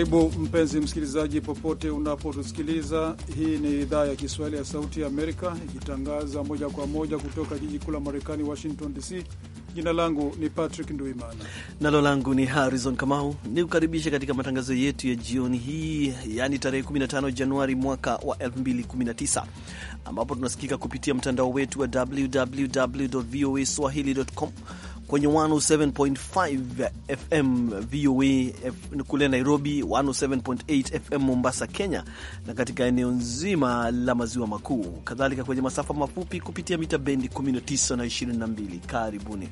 Karibu mpenzi msikilizaji, popote unapotusikiliza. Hii ni idhaa ya Kiswahili ya Sauti ya Amerika ikitangaza moja kwa moja kutoka jiji kuu la Marekani, Washington DC. Jina langu ni Patrick Nduimana, nalo langu ni Harrison Kamau, ni kukaribisha katika matangazo yetu ya jioni hii, yaani tarehe 15 Januari mwaka wa 2019 ambapo tunasikika kupitia mtandao wetu wa www voa swahili.com kwenye 107.5 FM VOA kule Nairobi, 107.8 FM Mombasa, Kenya, na katika eneo nzima la maziwa makuu, kadhalika kwenye masafa mafupi kupitia mita bendi 19 na 22. Karibuni.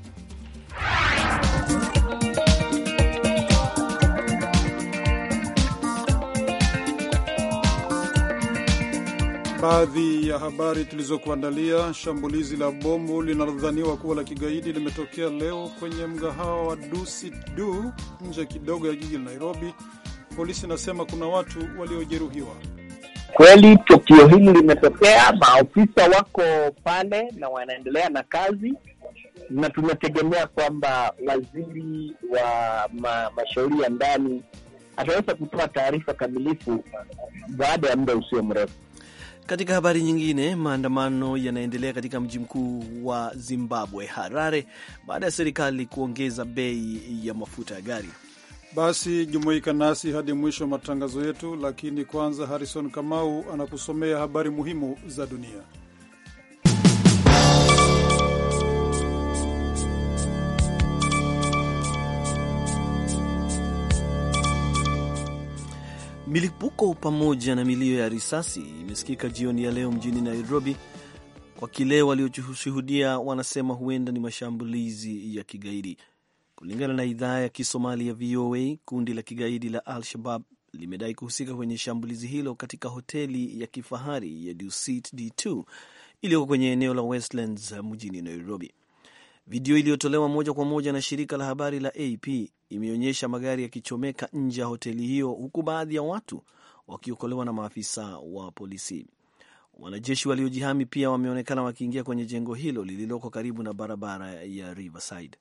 Baadhi ya habari tulizokuandalia: shambulizi la bomu linalodhaniwa kuwa la kigaidi limetokea leo kwenye mgahawa wa Dusit Du nje kidogo ya jiji la Nairobi. Polisi inasema kuna watu waliojeruhiwa. Kweli tukio hili limetokea, maofisa wako pale na wanaendelea na kazi, na tunategemea kwamba waziri wa ma, mashauri ya ndani ataweza kutoa taarifa kamilifu baada ya muda usio mrefu. Katika habari nyingine, maandamano yanaendelea katika mji mkuu wa Zimbabwe, Harare, baada ya serikali kuongeza bei ya mafuta ya gari. Basi jumuika nasi hadi mwisho wa matangazo yetu, lakini kwanza, Harrison Kamau anakusomea habari muhimu za dunia. Milipuko pamoja na milio ya risasi imesikika jioni ya leo mjini Nairobi, kwa kile walioshuhudia wanasema huenda ni mashambulizi ya kigaidi. Kulingana na idhaa ya Kisomali ya VOA, kundi la kigaidi la Al-Shabab limedai kuhusika kwenye shambulizi hilo katika hoteli ya kifahari ya Dusit D2 iliyoko kwenye eneo la Westlands mjini Nairobi. Video iliyotolewa moja kwa moja na shirika la habari la AP imeonyesha magari yakichomeka nje ya hoteli hiyo, huku baadhi ya watu wakiokolewa na maafisa wa polisi. Wanajeshi waliojihami pia wameonekana wakiingia kwenye jengo hilo lililoko karibu na barabara ya Riverside.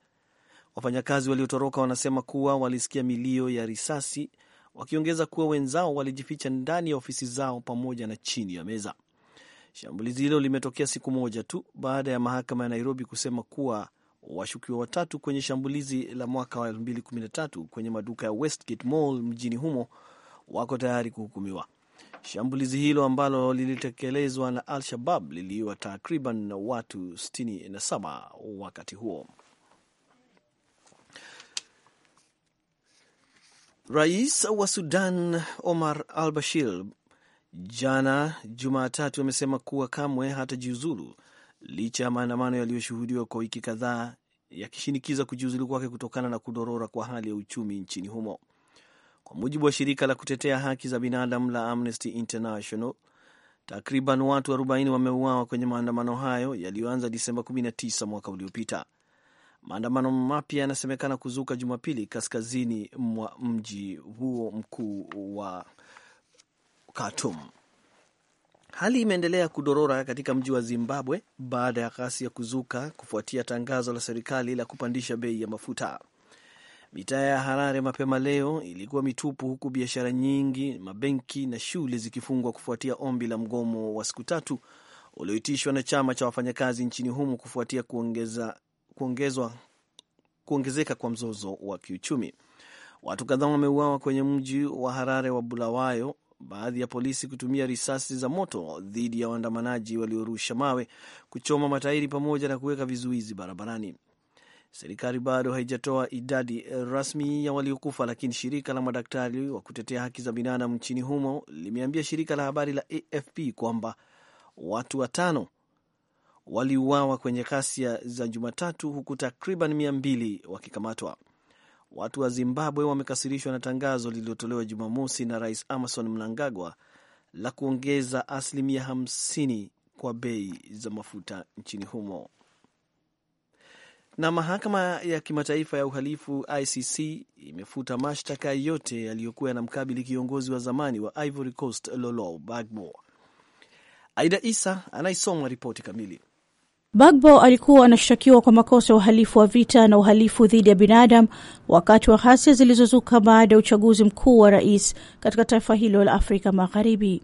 Wafanyakazi waliotoroka wanasema kuwa walisikia milio ya risasi, wakiongeza kuwa wenzao walijificha ndani ya ofisi zao pamoja na chini ya meza. Shambulizi hilo limetokea siku moja tu baada ya mahakama ya Nairobi kusema kuwa washukiwa watatu kwenye shambulizi la mwaka wa 2013 kwenye maduka ya Westgate Mall mjini humo wako tayari kuhukumiwa. Shambulizi hilo ambalo lilitekelezwa na Al-Shabab liliua takriban watu 67 wakati huo. Rais wa Sudan Omar al Bashir jana Jumatatu amesema kuwa kamwe hatajiuzulu licha ya maandamano yaliyoshuhudiwa kwa wiki kadhaa yakishinikiza kujiuzulu kwake kutokana na kudorora kwa hali ya uchumi nchini humo. Kwa mujibu wa shirika la kutetea haki za binadamu la Amnesty International, takriban watu 40 wameuawa kwenye maandamano hayo yaliyoanza Disemba 19 mwaka uliopita. Maandamano mapya yanasemekana kuzuka Jumapili kaskazini mwa mji huo mkuu wa Khartoum. Hali imeendelea kudorora katika mji wa Zimbabwe baada ya ghasia kuzuka kufuatia tangazo la serikali la kupandisha bei ya mafuta. Mitaa ya Harare mapema leo ilikuwa mitupu, huku biashara nyingi, mabenki na shule zikifungwa kufuatia ombi la mgomo wa siku tatu ulioitishwa na chama cha wafanyakazi nchini humo kufuatia kuongeza, kuongezwa, kuongezeka kwa mzozo wa kiuchumi. Watu kadhaa wameuawa kwenye mji wa Harare wa Bulawayo baadhi ya polisi kutumia risasi za moto dhidi ya waandamanaji waliorusha mawe, kuchoma matairi pamoja na kuweka vizuizi barabarani. Serikali bado haijatoa idadi rasmi ya waliokufa, lakini shirika la madaktari wa kutetea haki za binadamu nchini humo limeambia shirika la habari la AFP kwamba watu watano waliuawa kwenye ghasia za Jumatatu, huku takriban mia mbili wakikamatwa. Watu wa Zimbabwe wamekasirishwa na tangazo lililotolewa Jumamosi na Rais Emmerson Mnangagwa la kuongeza asilimia 50 kwa bei za mafuta nchini humo. Na mahakama ya kimataifa ya uhalifu ICC imefuta mashtaka yote yaliyokuwa yanamkabili kiongozi wa zamani wa Ivory Coast Lolo Bagbo. Aida Isa anaisoma ripoti kamili. Bagbo alikuwa anashtakiwa kwa makosa ya uhalifu wa vita na uhalifu dhidi ya binadamu wakati wa ghasia zilizozuka baada ya uchaguzi mkuu wa rais katika taifa hilo la Afrika Magharibi.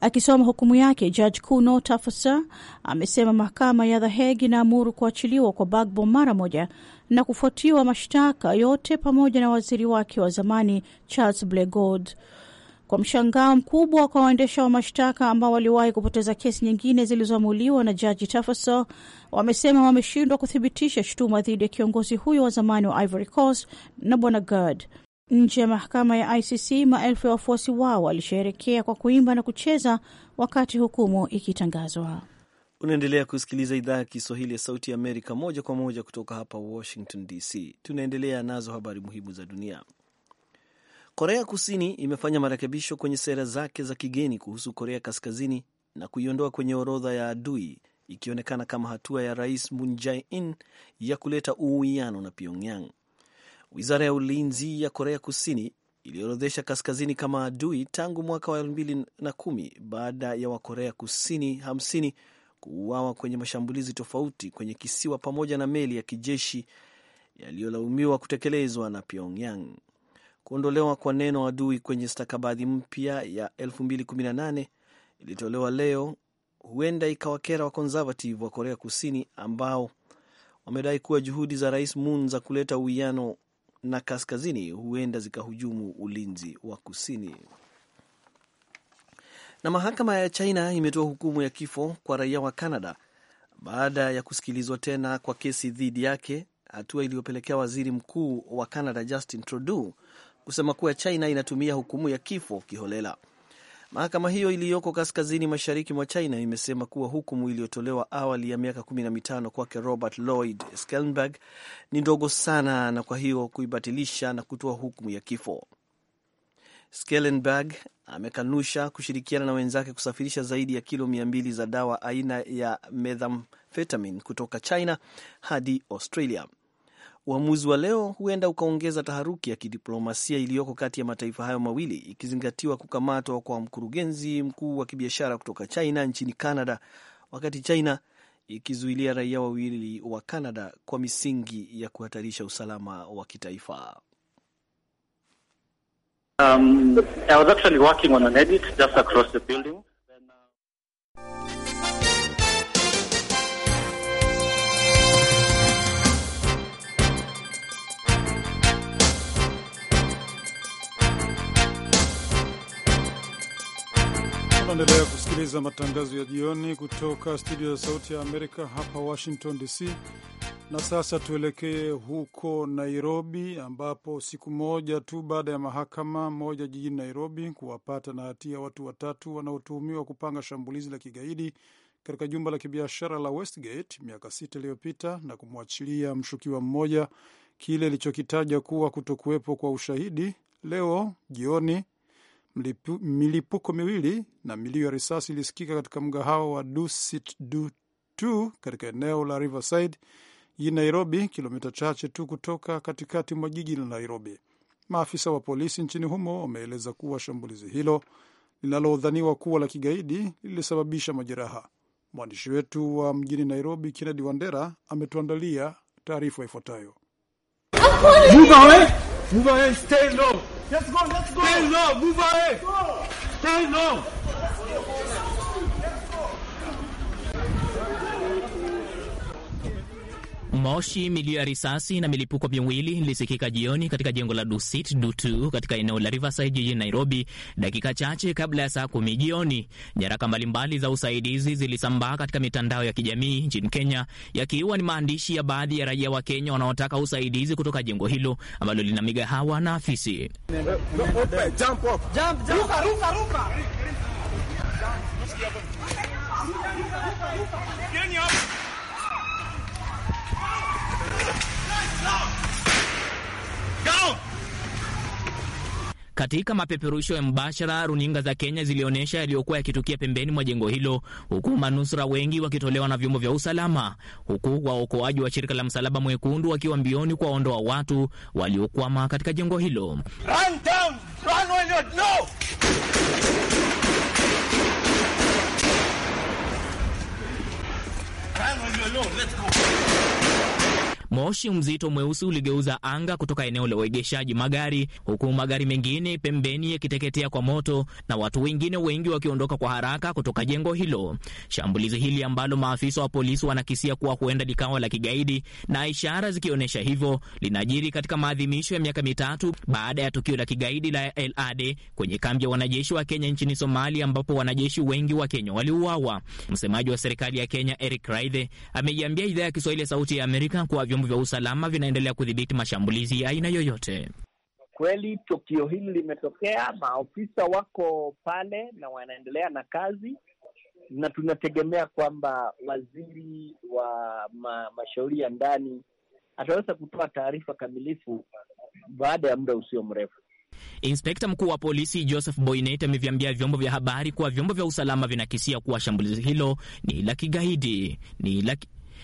Akisoma hukumu yake, jaji kuu Nota amesema mahakama ya The Hague inaamuru kuachiliwa kwa Bagbo mara moja na kufuatiwa mashtaka yote pamoja na waziri wake wa zamani Charles Blegod kwa mshangao mkubwa kwa waendesha wa mashtaka ambao waliwahi kupoteza kesi nyingine zilizoamuliwa na jaji Tafaso, wamesema wameshindwa kuthibitisha shutuma dhidi ya kiongozi huyo wa zamani wa Ivory Coast na bwana Gurd. Nje ya mahakama ya ICC, maelfu ya wafuasi wao walisheherekea kwa kuimba na kucheza wakati hukumu ikitangazwa. Unaendelea kusikiliza idhaa ya Kiswahili ya Sauti ya Amerika moja kwa moja kutoka hapa Washington DC. Tunaendelea nazo habari muhimu za dunia. Korea Kusini imefanya marekebisho kwenye sera zake za kigeni kuhusu Korea Kaskazini na kuiondoa kwenye orodha ya adui, ikionekana kama hatua ya Rais Moon Jae-in ya kuleta uwiano na Pyongyang. Wizara ya ulinzi ya Korea Kusini iliorodhesha Kaskazini kama adui tangu mwaka wa 2010 baada ya Wakorea Kusini 50 kuuawa kwenye mashambulizi tofauti kwenye kisiwa pamoja na meli ya kijeshi yaliyolaumiwa kutekelezwa na Pyongyang. Kuondolewa kwa neno adui kwenye stakabadhi mpya ya 2018 ilitolewa leo huenda ikawakera wa Conservative wa Korea Kusini ambao wamedai kuwa juhudi za Rais Moon za kuleta uwiano na kaskazini huenda zikahujumu ulinzi wa kusini. Na mahakama ya China imetoa hukumu ya kifo kwa raia wa Canada baada ya kusikilizwa tena kwa kesi dhidi yake, hatua iliyopelekea waziri mkuu wa Canada Justin Trudeau kusema kuwa China inatumia hukumu ya kifo kiholela. Mahakama hiyo iliyoko kaskazini mashariki mwa China imesema kuwa hukumu iliyotolewa awali ya miaka 15 kwake Robert Lloyd Skellenberg ni ndogo sana, na kwa hiyo kuibatilisha na kutoa hukumu ya kifo. skelenberg amekanusha kushirikiana na wenzake kusafirisha zaidi ya kilo 200 za dawa aina ya methamphetamine kutoka China hadi Australia. Uamuzi wa leo huenda ukaongeza taharuki ya kidiplomasia iliyoko kati ya mataifa hayo mawili ikizingatiwa kukamatwa kwa mkurugenzi mkuu wa kibiashara kutoka China nchini Canada, wakati China ikizuilia raia wawili wa Canada kwa misingi ya kuhatarisha usalama wa kitaifa. Um, I was Naendelea kusikiliza matangazo ya jioni kutoka studio ya Sauti ya Amerika hapa Washington DC. Na sasa tuelekee huko Nairobi, ambapo siku moja tu baada ya mahakama moja jijini Nairobi kuwapata na hatia watu watatu wanaotuhumiwa kupanga shambulizi la kigaidi katika jumba la kibiashara la Westgate miaka sita iliyopita na kumwachilia mshukiwa mmoja, kile ilichokitaja kuwa kutokuwepo kwa ushahidi, leo jioni milipuko miwili na milio ya risasi ilisikika katika mgahawa wa Dusit Du tu katika eneo la Riverside jijini Nairobi, kilomita chache tu kutoka katikati mwa jiji la Nairobi. Maafisa wa polisi nchini humo wameeleza kuwa shambulizi hilo linalodhaniwa kuwa la kigaidi lilisababisha majeraha. Mwandishi wetu wa mjini Nairobi, Kennedy Wandera, ametuandalia taarifa ifuatayo. Move ahead, stay low. Let's go, let's go. Stay low, move ahead. Stay low. Moshi, milio ya risasi na milipuko miwili ilisikika jioni katika jengo la Dusit Dutu katika eneo la Riverside jijini Nairobi, dakika chache kabla ya saa kumi jioni. Nyaraka mbalimbali za usaidizi zilisambaa katika mitandao ya kijamii nchini Kenya, yakiwa ni maandishi ya baadhi ya raia wa Kenya wanaotaka usaidizi kutoka jengo hilo ambalo lina migahawa na afisi. Katika mapeperusho ya mbashara, runinga za Kenya zilionyesha yaliyokuwa yakitukia pembeni mwa jengo hilo, huku manusura wengi wakitolewa na vyombo vya usalama, huku waokoaji wa shirika la Msalaba Mwekundu wakiwa mbioni kuwaondoa watu waliokwama katika jengo hilo. Run down, run Run Moshi mzito mweusi uligeuza anga kutoka eneo la uegeshaji magari, huku magari mengine pembeni yakiteketea kwa moto na watu wengine wengi wakiondoka kwa haraka kutoka jengo hilo. Shambulizi hili ambalo maafisa wa polisi wanakisia kuwa huenda likawa la kigaidi na ishara zikionyesha hivyo, linajiri katika maadhimisho ya miaka mitatu baada ya tukio la kigaidi la lad kwenye kambi ya wanajeshi wa Kenya nchini Somalia, ambapo wanajeshi wengi wa Kenya waliuawa. Msemaji wa serikali ya Kenya Eric Raidhe ameiambia idhaa ya Kiswahili ya Sauti ya Amerika kuwa vyombo vya usalama vinaendelea kudhibiti mashambulizi ya aina yoyote. Kweli tukio hili limetokea, maofisa wako pale na wanaendelea na kazi, na tunategemea kwamba waziri wa ma, mashauri ya ndani ataweza kutoa taarifa kamilifu baada ya muda usio mrefu. Inspekta mkuu wa polisi Joseph Boynet ameviambia vyombo vya habari kuwa vyombo vya usalama vinakisia kuwa shambulizi hilo ni la kigaidi ni la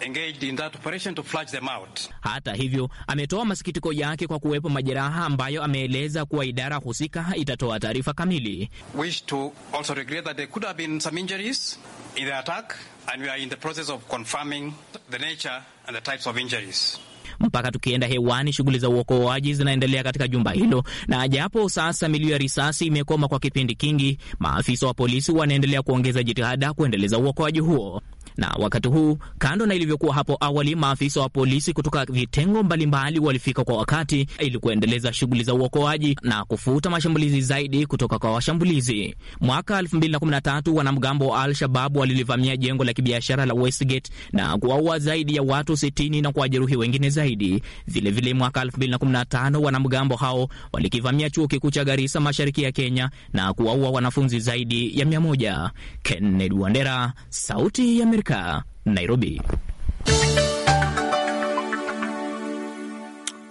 engaged in that operation to flush them out. Hata hivyo, ametoa masikitiko yake kwa kuwepo majeraha ambayo ameeleza kuwa idara husika itatoa taarifa kamili. Wish to also regret that there could have been some injuries in the attack and we are in the process of confirming the nature and the types of injuries. Mpaka tukienda hewani, shughuli za uokoaji zinaendelea katika jumba hilo, na japo sasa milio ya risasi imekoma kwa kipindi kingi, maafisa wa polisi wanaendelea kuongeza jitihada kuendeleza uokoaji huo. Na wakati huu, kando na ilivyokuwa hapo awali, maafisa wa polisi kutoka vitengo mbalimbali walifika kwa wakati ili kuendeleza shughuli za uokoaji na kufuta mashambulizi zaidi kutoka kwa washambulizi. Mwaka 2013 wanamgambo wa al walilivamia jengo la kibiashara la Westgate na kuwaua zaidi ya watu 60 na kuwajeruhi wengine zaidi. Vilevile mwaka 2015 wanamgambo hao walikivamia chuo kikuu cha Garissa mashariki ya Kenya na kuwaua wanafunzi zaidi ya 100. Kennedy Wandera, Sauti ya Amerika. Amerika, Nairobi.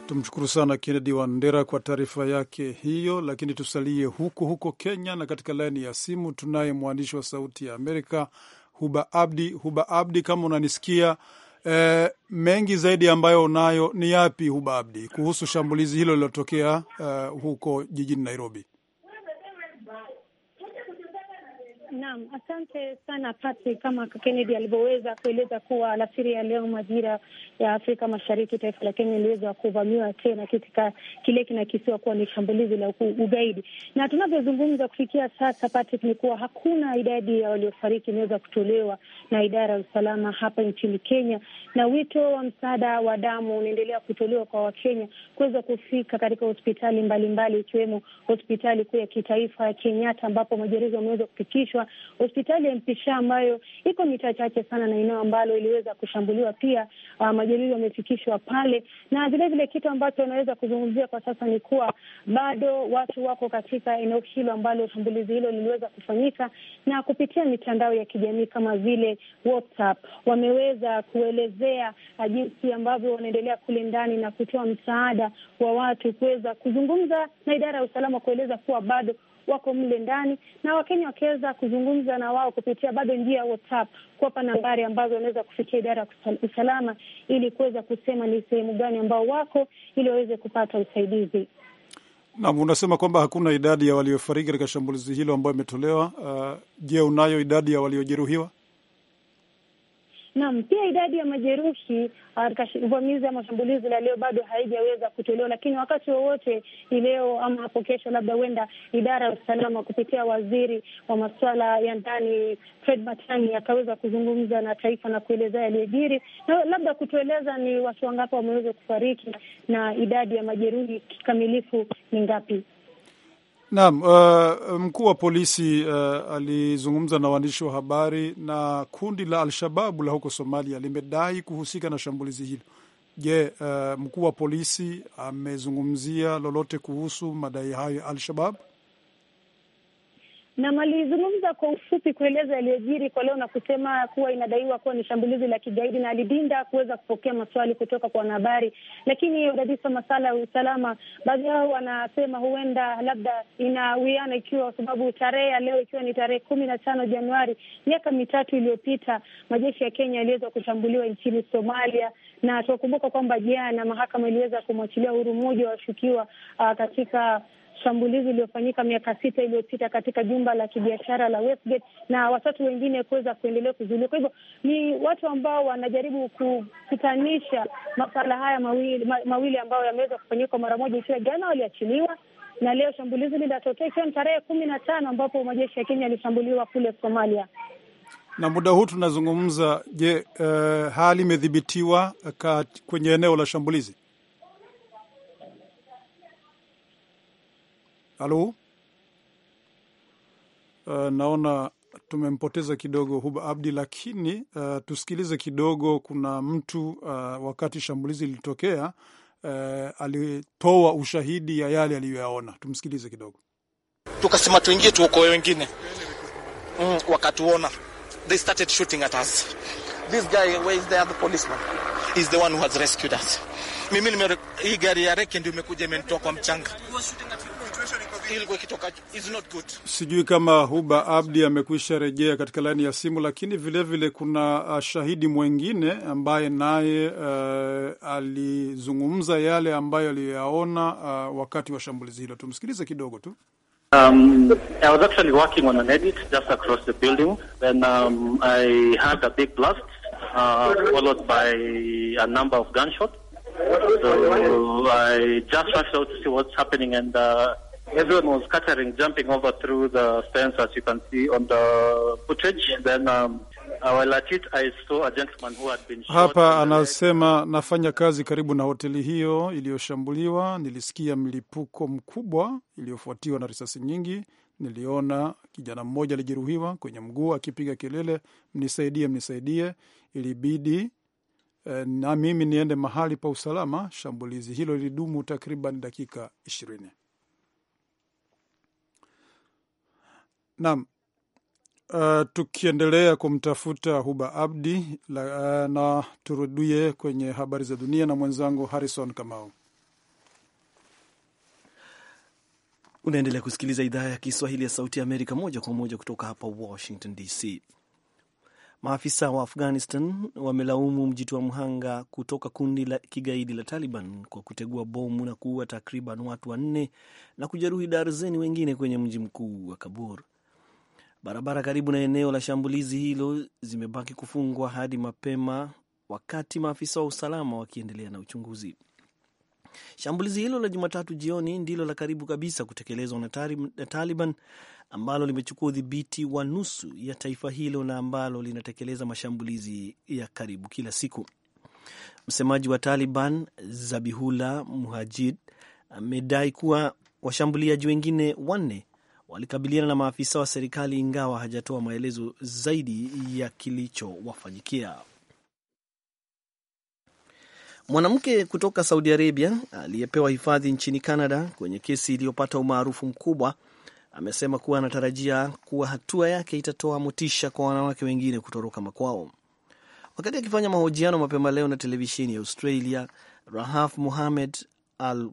Tumshukuru sana Kennedy Wandera kwa taarifa yake hiyo. Lakini tusalie huko huko Kenya, na katika laini ya simu tunaye mwandishi wa Sauti ya Amerika Huba Abdi. Huba Abdi, kama unanisikia eh, mengi zaidi ambayo unayo ni yapi Huba Abdi kuhusu shambulizi hilo lililotokea eh, huko jijini Nairobi? Naam, asante sana Patrick. Kama Kennedy alivyoweza kueleza kuwa alasiri ya leo majira ya Afrika Mashariki, taifa la Kenya iliweza kuvamiwa tena katika kile kinakisiwa kuwa ni shambulizi la ugaidi, na tunavyozungumza kufikia sasa Patrick, ni kuwa hakuna idadi ya waliofariki imeweza kutolewa na idara ya usalama hapa nchini Kenya, na wito wa msaada wa damu unaendelea kutolewa kwa Wakenya kuweza kufika katika hospitali mbalimbali ikiwemo hospitali kuu ya kitaifa ya Kenyatta ambapo majeruhi wameweza kufikishwa hospitali ya Mpisha ambayo iko mita chache sana na eneo ambalo iliweza kushambuliwa pia, uh, majeruhi wamefikishwa pale, na vilevile kitu ambacho wanaweza kuzungumzia kwa sasa ni kuwa bado watu wako katika eneo hilo ambalo shambulizi hilo liliweza kufanyika, na kupitia mitandao ya kijamii kama vile WhatsApp wameweza kuelezea uh, jinsi ambavyo wanaendelea kule ndani na kutoa msaada wa watu kuweza kuzungumza na idara ya usalama kueleza kuwa bado wako mle ndani, na Wakenya wakiweza kuzungumza na wao kupitia bado njia ya WhatsApp, kuwapa nambari ambazo wanaweza kufikia idara ya usalama ili kuweza kusema ni sehemu gani ambao wako ili waweze kupata usaidizi. Nam, unasema kwamba hakuna idadi ya waliofariki katika shambulizi hilo ambayo imetolewa. Uh, je, unayo idadi ya waliojeruhiwa? Naam, pia idadi ya majeruhi uh, katika uvamizi ama shambulizi la leo bado haijaweza kutolewa, lakini wakati wowote ileo ama hapo kesho, labda huenda idara ya usalama kupitia waziri wa masuala ya ndani Fred matani akaweza kuzungumza na taifa na kuelezea yaliyojiri, na labda kutueleza ni watu wangapi wameweza kufariki na idadi ya majeruhi kikamilifu ni ngapi. Naam, uh, mkuu wa polisi uh, alizungumza na waandishi wa habari na kundi la Alshababu la huko Somalia limedai kuhusika na shambulizi hilo. Je, uh, mkuu wa polisi amezungumzia lolote kuhusu madai hayo ya Alshabab? Nam alizungumza kwa ufupi kueleza yaliyojiri kwa leo na kusema kuwa inadaiwa kuwa ni shambulizi la kigaidi, na alidinda kuweza kupokea maswali kutoka kwa wanahabari. Lakini udadisi wa masala ya usalama, baadhi yao wanasema huenda labda inawiana, ikiwa sababu tarehe ya leo ikiwa ni tarehe kumi na tano Januari, miaka mitatu iliyopita majeshi ya Kenya yaliweza kushambuliwa nchini Somalia, na tunakumbuka kwamba jana mahakama iliweza kumwachilia huru mmoja washukiwa ah, katika shambulizi iliyofanyika miaka sita iliyopita katika jumba la kibiashara la Westgate na watatu wengine kuweza kuendelea kuzuliwa. Kwa hivyo ni watu ambao wanajaribu kukutanisha masuala haya mawili, ma, mawili ambayo yameweza kufanyika kwa mara moja, ikiwa jana waliachiliwa na leo shambulizi linatokea, ikiwa ni tarehe kumi na tano ambapo majeshi ya Kenya yalishambuliwa kule Somalia na muda huu tunazungumza. Je, uh, hali imedhibitiwa kwenye eneo la shambulizi? Halo, uh, eh, naona tumempoteza kidogo Huba Abdi, lakini uh, tusikilize kidogo. Kuna mtu uh, wakati shambulizi lilitokea uh, alitoa ushahidi ya yale aliyoyaona. Tumsikilize kidogo. Tukasema tuingie tuokoe wengine mm, wakatuona they started shooting at us. This guy where is the other policeman is the one who has rescued us. Mimi hii gari ya reke ndio imekuja imenitoa kwa mchanga ilikuwa ikitoka is not good. Sijui kama Huba Abdi amekwisha rejea katika laini ya simu, lakini vilevile vile kuna uh, shahidi mwengine ambaye naye uh, alizungumza yale ambayo aliyaona uh, wakati wa shambulizi hilo. Tumsikilize kidogo tu. Um, I was actually working on an edit just across the building. um, I heard a big blast uh, followed by a number of gunshots. So I just rushed out to see what's happening and uh, Everyone was scattering, jumping over through the fence, as you can see on the footage. Then, um, Hapa anasema nafanya kazi karibu na hoteli hiyo iliyoshambuliwa. Nilisikia mlipuko mkubwa iliyofuatiwa na risasi nyingi. Niliona kijana mmoja alijeruhiwa kwenye mguu akipiga kelele, mnisaidie, mnisaidie. Ilibidi eh, na mimi niende mahali pa usalama. Shambulizi hilo lilidumu takriban dakika ishirini. Naam. Uh, tukiendelea kumtafuta Huba Abdi la, uh, na turudie kwenye habari za dunia na mwenzangu Harrison Kamau. Unaendelea kusikiliza idhaa ya Kiswahili ya Sauti ya Amerika moja kwa moja kutoka hapa Washington DC. Maafisa wa Afghanistan wamelaumu mjitoa mhanga kutoka kundi la kigaidi la Taliban kwa kutegua bomu na kuua takriban watu wanne na kujeruhi darzeni wengine kwenye mji mkuu wa Kabul. Barabara karibu na eneo la shambulizi hilo zimebaki kufungwa hadi mapema, wakati maafisa wa usalama wakiendelea na uchunguzi. Shambulizi hilo la Jumatatu jioni ndilo la karibu kabisa kutekelezwa na Taliban ambalo limechukua udhibiti wa nusu ya taifa hilo na ambalo linatekeleza mashambulizi ya karibu kila siku. Msemaji wa Taliban Zabihullah Mujahid amedai kuwa washambuliaji wengine wanne walikabiliana na maafisa wa serikali, ingawa hajatoa maelezo zaidi ya kilichowafanyikia. Mwanamke kutoka Saudi Arabia aliyepewa hifadhi nchini Canada kwenye kesi iliyopata umaarufu mkubwa amesema kuwa anatarajia kuwa hatua yake itatoa motisha kwa wanawake wengine kutoroka makwao. Wakati akifanya mahojiano mapema leo na televisheni ya Australia, Rahaf muhamed Al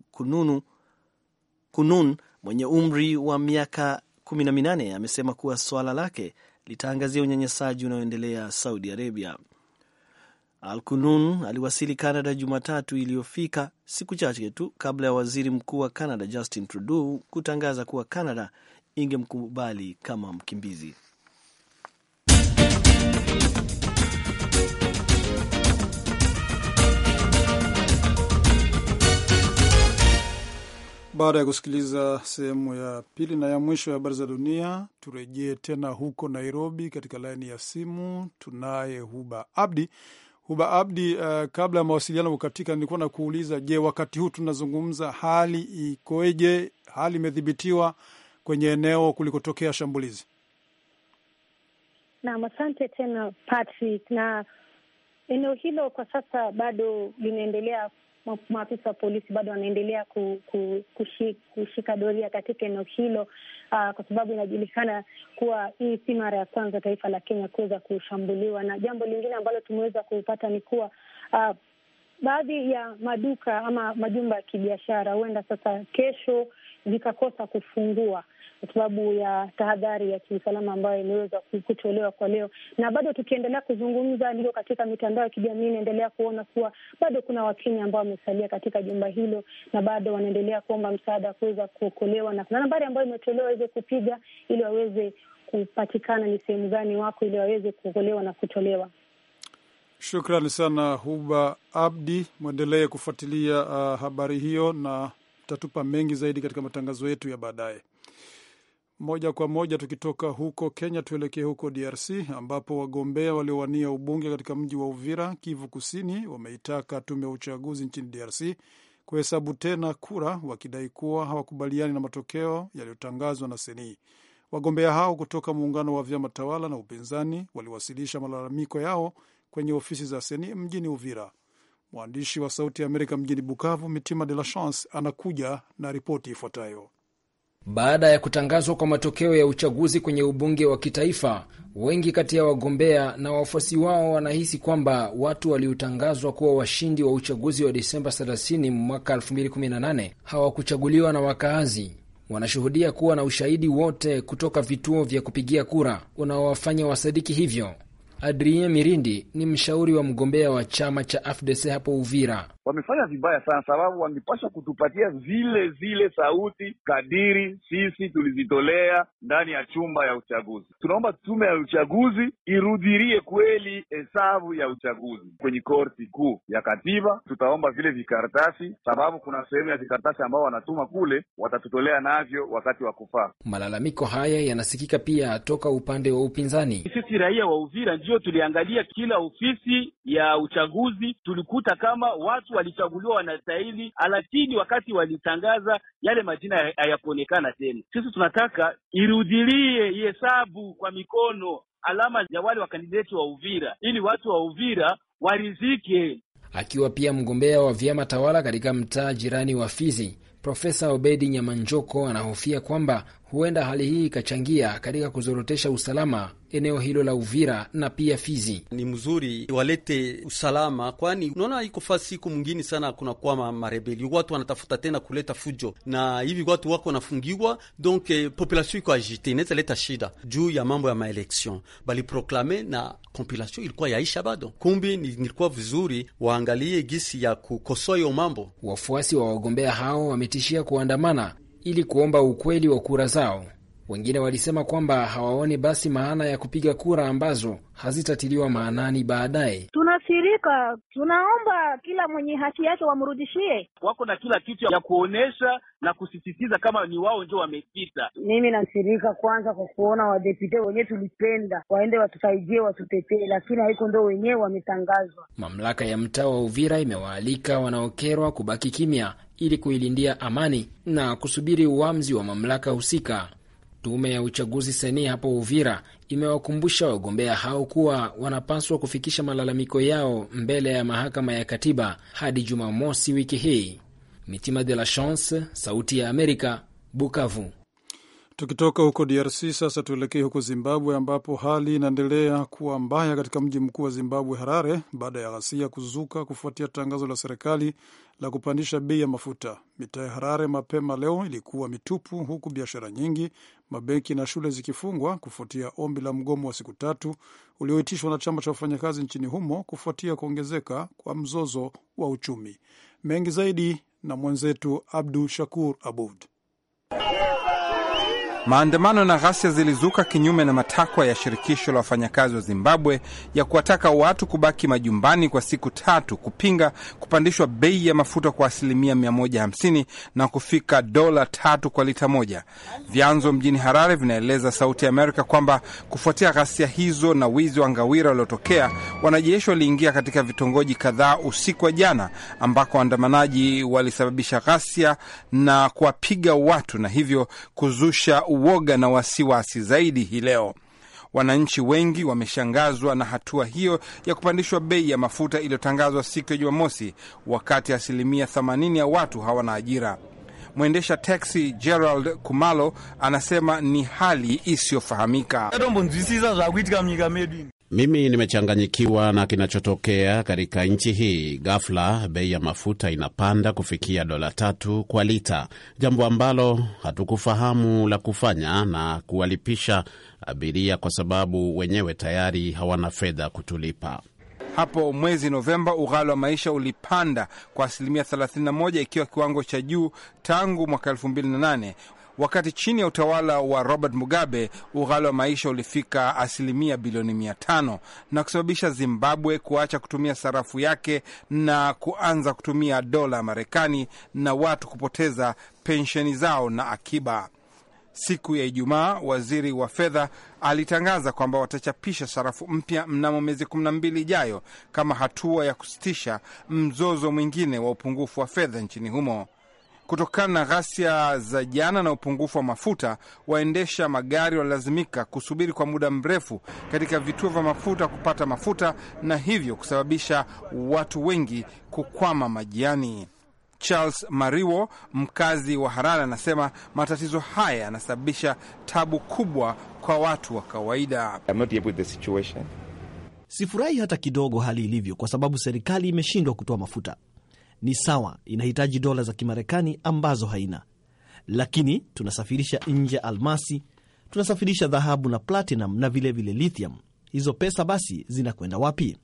Kunun mwenye umri wa miaka 18 amesema kuwa swala lake litaangazia unyanyasaji unaoendelea Saudi Arabia. Al Kunun aliwasili Canada Jumatatu iliyofika siku chache tu kabla ya waziri mkuu wa Canada Justin Trudeau kutangaza kuwa Canada ingemkubali kama mkimbizi. Baada ya kusikiliza sehemu ya pili na ya mwisho ya habari za dunia, turejee tena huko Nairobi. Katika laini ya simu tunaye Huba Abdi. Huba Abdi, uh, kabla ya mawasiliano kukatika, nilikuwa na kuuliza, je, wakati huu tunazungumza hali ikoje? Hali imedhibitiwa kwenye eneo kulikotokea shambulizi? Naam, asante tena Patrick. Na eneo hilo kwa sasa bado linaendelea maafisa wa polisi bado wanaendelea ku, ku, kushika doria katika eneo hilo uh, kwa sababu inajulikana kuwa hii si mara ya kwanza taifa la Kenya kuweza kushambuliwa. Na jambo lingine ambalo tumeweza kupata ni kuwa uh, baadhi ya maduka ama majumba ya kibiashara huenda sasa kesho vikakosa kufungua kwa sababu ya tahadhari ya kiusalama ambayo imeweza kutolewa kwa leo. Na bado tukiendelea kuzungumza ndio katika mitandao ya kijamii, inaendelea kuona kuwa bado kuna Wakenya ambao wamesalia katika jumba hilo na bado wanaendelea kuomba msaada wa kuweza kuokolewa, na kuna nambari ambayo imetolewa waweze kupiga ili waweze kupatikana ni sehemu gani wako, ili waweze kuokolewa na kutolewa. Shukrani sana Huba Abdi, mwendelee kufuatilia uh, habari hiyo na tatupa mengi zaidi katika matangazo yetu ya baadaye. Moja kwa moja tukitoka huko Kenya tuelekee huko DRC ambapo wagombea waliowania ubunge katika mji wa Uvira, Kivu Kusini, wameitaka tume ya uchaguzi nchini DRC kuhesabu tena kura, wakidai kuwa hawakubaliani na matokeo yaliyotangazwa na seni Wagombea hao kutoka muungano wa vyama tawala na upinzani waliwasilisha malalamiko yao kwenye ofisi za seni mjini Uvira. Mwandishi wa Sauti ya Amerika mjini Bukavu, Mitima De La Chance, anakuja na ripoti ifuatayo. Baada ya kutangazwa kwa matokeo ya uchaguzi kwenye ubunge wa kitaifa, wengi kati ya wagombea na wafuasi wao wanahisi kwamba watu waliotangazwa kuwa washindi wa uchaguzi wa Desemba 30 mwaka 2018 hawakuchaguliwa na wakaazi. Wanashuhudia kuwa na ushahidi wote kutoka vituo vya kupigia kura unaowafanya wasadiki hivyo. Adrien Mirindi ni mshauri wa mgombea wa chama cha AFDC hapo Uvira wamefanya vibaya sana, sababu wangepasha kutupatia zile zile sauti kadiri sisi tulizitolea ndani ya chumba ya uchaguzi. Tunaomba tume ya uchaguzi irudhirie kweli hesabu ya uchaguzi kwenye korti kuu ya katiba. Tutaomba vile vikaratasi, sababu kuna sehemu ya vikaratasi ambao wanatuma kule, watatutolea navyo wakati wa kufaa. Malalamiko haya yanasikika pia toka upande wa upinzani. Sisi raia wa Uvira ndio tuliangalia kila ofisi ya uchaguzi, tulikuta kama watu watu walichaguliwa wanastahili, lakini wakati walitangaza yale majina hayakuonekana tena. Sisi tunataka irudilie hesabu kwa mikono alama za wale wakandideti wa Uvira ili watu wa Uvira warizike. Akiwa pia mgombea wa vyama tawala katika mtaa jirani wa Fizi, Profesa Obedi Nyamanjoko anahofia kwamba Huenda hali hii ikachangia katika kuzorotesha usalama eneo hilo la Uvira na pia Fizi. Ni mzuri walete usalama, kwani unaona iko fasi siku mwingine sana kunakuwa marebeli, watu wanatafuta tena kuleta fujo na hivi watu wako wanafungiwa, donc eh, population iko agite, inaweza leta shida juu ya mambo ya maelektion. baliproklame na compilation ilikuwa yaisha bado. Kumbi nilikuwa vizuri waangalie gisi ya kukosoa hiyo mambo. Wafuasi wa wagombea hao wametishia kuandamana ili kuomba ukweli wa kura zao. Wengine walisema kwamba hawaone basi maana ya kupiga kura ambazo hazitatiliwa maanani baadaye. Tunasirika, tunaomba kila mwenye haki yake wamrudishie. Wako na kila kitu ya kuonyesha na kusisitiza kama ni wao ndio wamepita. Mimi nasirika kwanza kwa kuona wadepute wenyewe tulipenda waende watusaidie, watutetee, lakini haiko ndo wenyewe wametangazwa. Mamlaka ya mtaa wa Uvira imewaalika wanaokerwa kubaki kimya ili kuilindia amani na kusubiri uamuzi wa mamlaka husika. Tume ya uchaguzi seni hapo Uvira imewakumbusha wagombea hao kuwa wanapaswa kufikisha malalamiko yao mbele ya mahakama ya katiba hadi Jumamosi wiki hii. Mitima de la Chance, Sauti ya Amerika, Bukavu. Tukitoka huko DRC sasa tuelekee huko Zimbabwe, ambapo hali inaendelea kuwa mbaya katika mji mkuu wa Zimbabwe, Harare, baada ya ghasia kuzuka kufuatia tangazo la serikali la kupandisha bei ya mafuta. Mitaa ya Harare mapema leo ilikuwa mitupu, huku biashara nyingi, mabenki na shule zikifungwa kufuatia ombi la mgomo wa siku tatu ulioitishwa na chama cha wafanyakazi nchini humo kufuatia kuongezeka kwa mzozo wa uchumi. Mengi zaidi na mwenzetu Abdu Shakur Abud. Maandamano na ghasia zilizuka kinyume na matakwa ya shirikisho la wafanyakazi wa Zimbabwe ya kuwataka watu kubaki majumbani kwa siku tatu kupinga kupandishwa bei ya mafuta kwa asilimia 150 na kufika dola tatu kwa lita moja. Vyanzo mjini Harare vinaeleza Sauti ya Amerika kwamba kufuatia ghasia hizo na wizi wa ngawira waliotokea wanajeshi waliingia katika vitongoji kadhaa usiku wa jana, ambako waandamanaji walisababisha ghasia na kuwapiga watu na hivyo kuzusha uoga na wasiwasi zaidi hii leo. Wananchi wengi wameshangazwa na hatua hiyo ya kupandishwa bei ya mafuta iliyotangazwa siku ya Jumamosi, wakati asilimia 80 ya watu hawana ajira. Mwendesha teksi Gerald Kumalo anasema ni hali isiyofahamika. Mimi nimechanganyikiwa na kinachotokea katika nchi hii. Ghafla bei ya mafuta inapanda kufikia dola tatu kwa lita, jambo ambalo hatukufahamu la kufanya na kuwalipisha abiria, kwa sababu wenyewe tayari hawana fedha kutulipa. Hapo mwezi Novemba ughali wa maisha ulipanda kwa asilimia 31, ikiwa kiwango cha juu tangu mwaka 2008 Wakati chini ya utawala wa Robert Mugabe ughali wa maisha ulifika asilimia bilioni mia tano na kusababisha Zimbabwe kuacha kutumia sarafu yake na kuanza kutumia dola ya Marekani na watu kupoteza pensheni zao na akiba. Siku ya Ijumaa, waziri wa fedha alitangaza kwamba watachapisha sarafu mpya mnamo miezi mbili ijayo kama hatua ya kusitisha mzozo mwingine wa upungufu wa fedha nchini humo. Kutokana na ghasia za jana na upungufu wa mafuta, waendesha magari walilazimika kusubiri kwa muda mrefu katika vituo vya mafuta kupata mafuta na hivyo kusababisha watu wengi kukwama majiani. Charles Mariwo, mkazi wa Harare, anasema matatizo haya yanasababisha tabu kubwa kwa watu wa kawaida. Sifurahi hata kidogo hali ilivyo, kwa sababu serikali imeshindwa kutoa mafuta ni sawa, inahitaji dola za Kimarekani ambazo haina, lakini tunasafirisha nje almasi, tunasafirisha dhahabu na platinum na vilevile lithium. Hizo pesa basi zinakwenda wapi?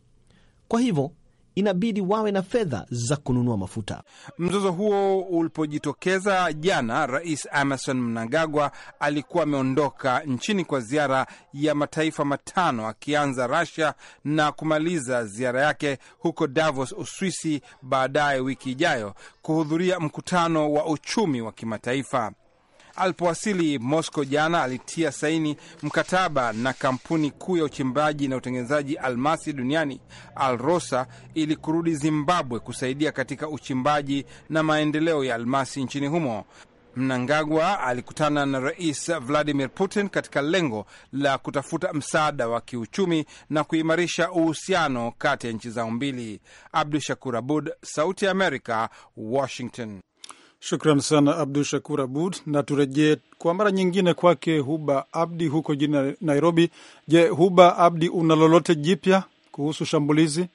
Kwa hivyo inabidi wawe na fedha za kununua mafuta. Mzozo huo ulipojitokeza jana, Rais Emerson Mnangagwa alikuwa ameondoka nchini kwa ziara ya mataifa matano, akianza rasia na kumaliza ziara yake huko Davos, Uswisi, baadaye wiki ijayo kuhudhuria mkutano wa uchumi wa kimataifa. Alipowasili Moscow jana, alitia saini mkataba na kampuni kuu ya uchimbaji na utengenezaji almasi duniani Alrosa ili kurudi Zimbabwe kusaidia katika uchimbaji na maendeleo ya almasi nchini humo. Mnangagwa alikutana na Rais Vladimir Putin katika lengo la kutafuta msaada wa kiuchumi na kuimarisha uhusiano kati ya nchi zao mbili. Abdu Shakur Abud, Sauti ya Amerika, Washington. Shukran sana Abdu Shakur Abud, na turejee kwa mara nyingine kwake Huba Abdi huko jijini Nairobi. Je, Huba Abdi, una lolote jipya kuhusu shambulizi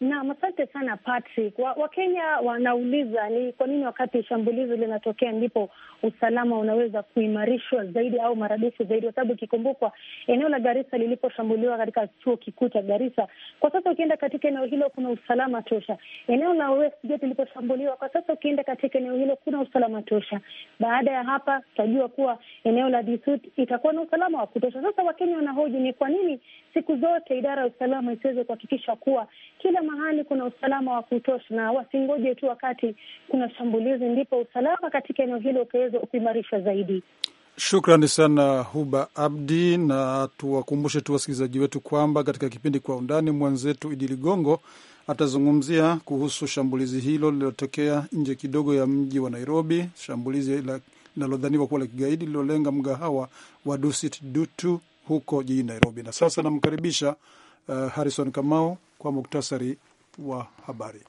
Naam, asante sana Patrick. Wakenya wa wanauliza ni kwa nini wakati shambulizi linatokea ndipo usalama unaweza kuimarishwa zaidi au maradufu zaidi, kwa sababu ikikumbukwa eneo la Garissa liliposhambuliwa katika chuo kikuu cha Garissa, kwa sasa ukienda katika eneo hilo kuna usalama tosha. Eneo la Westgate liliposhambuliwa, kwa sasa ukienda katika eneo hilo kuna usalama tosha. Baada ya hapa tutajua kuwa eneo la Dsut itakuwa na usalama wa kutosha. Sasa Wakenya wanahoji ni kwa nini siku zote idara ya usalama isiweze kuhakikisha kuwa kila mahali kuna usalama wa kutosha, na wasingoje tu wakati kuna shambulizi ndipo usalama katika eneo hilo ukiweza kuimarishwa zaidi. Shukrani sana Huba Abdi, na tuwakumbushe tu wasikilizaji wetu kwamba katika kipindi Kwa Undani mwenzetu Idi Ligongo atazungumzia kuhusu shambulizi hilo lililotokea nje kidogo ya mji wa Nairobi, shambulizi linalodhaniwa kuwa la kigaidi lililolenga mgahawa wa Dusit Dutu huko jijini Nairobi. Na sasa namkaribisha Uh, Harrison Kamau kwa muktasari wa habari.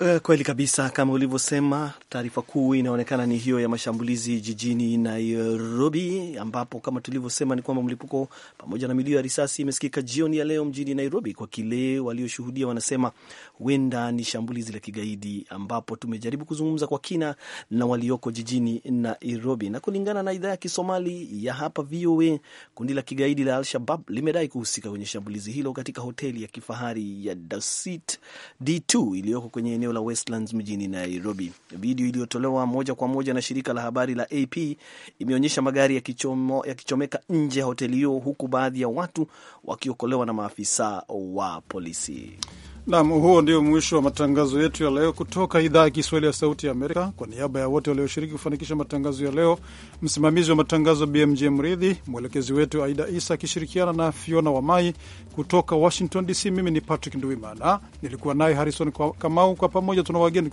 Eh, kweli kabisa, kama ulivyosema, taarifa kuu inaonekana ni hiyo ya mashambulizi jijini Nairobi, ambapo kama tulivyosema ni kwamba mlipuko pamoja na milio ya risasi imesikika jioni ya leo mjini Nairobi, kwa kile walioshuhudia wanasema huenda ni shambulizi la kigaidi, ambapo tumejaribu kuzungumza kwa kina na walioko jijini Nairobi. Na kulingana na idhaa ya Kisomali ya hapa VOA, kundi la kigaidi la Al-Shabab limedai kuhusika kwenye shambulizi hilo katika hoteli ya kifahari ya Dusit D2 iliyoko kwenye eneo la Westlands mjini Nairobi. Video iliyotolewa moja kwa moja na shirika la habari la AP imeonyesha magari yakichomeka yakichomeka nje ya hoteli hiyo huku baadhi ya watu wakiokolewa na maafisa wa polisi. Nam, huo ndio mwisho wa matangazo yetu ya leo kutoka idhaa ya Kiswahili ya Sauti ya Amerika. Kwa niaba ya wote walioshiriki kufanikisha matangazo ya leo, msimamizi wa matangazo BMJ Mridhi, mwelekezi wetu Aida Isa akishirikiana na Fiona Wamai kutoka Washington DC. Mimi ni Patrick Nduimana, nilikuwa naye Harrison Kamau. Kwa pamoja tuna wageni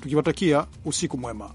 tukiwatakia usiku mwema.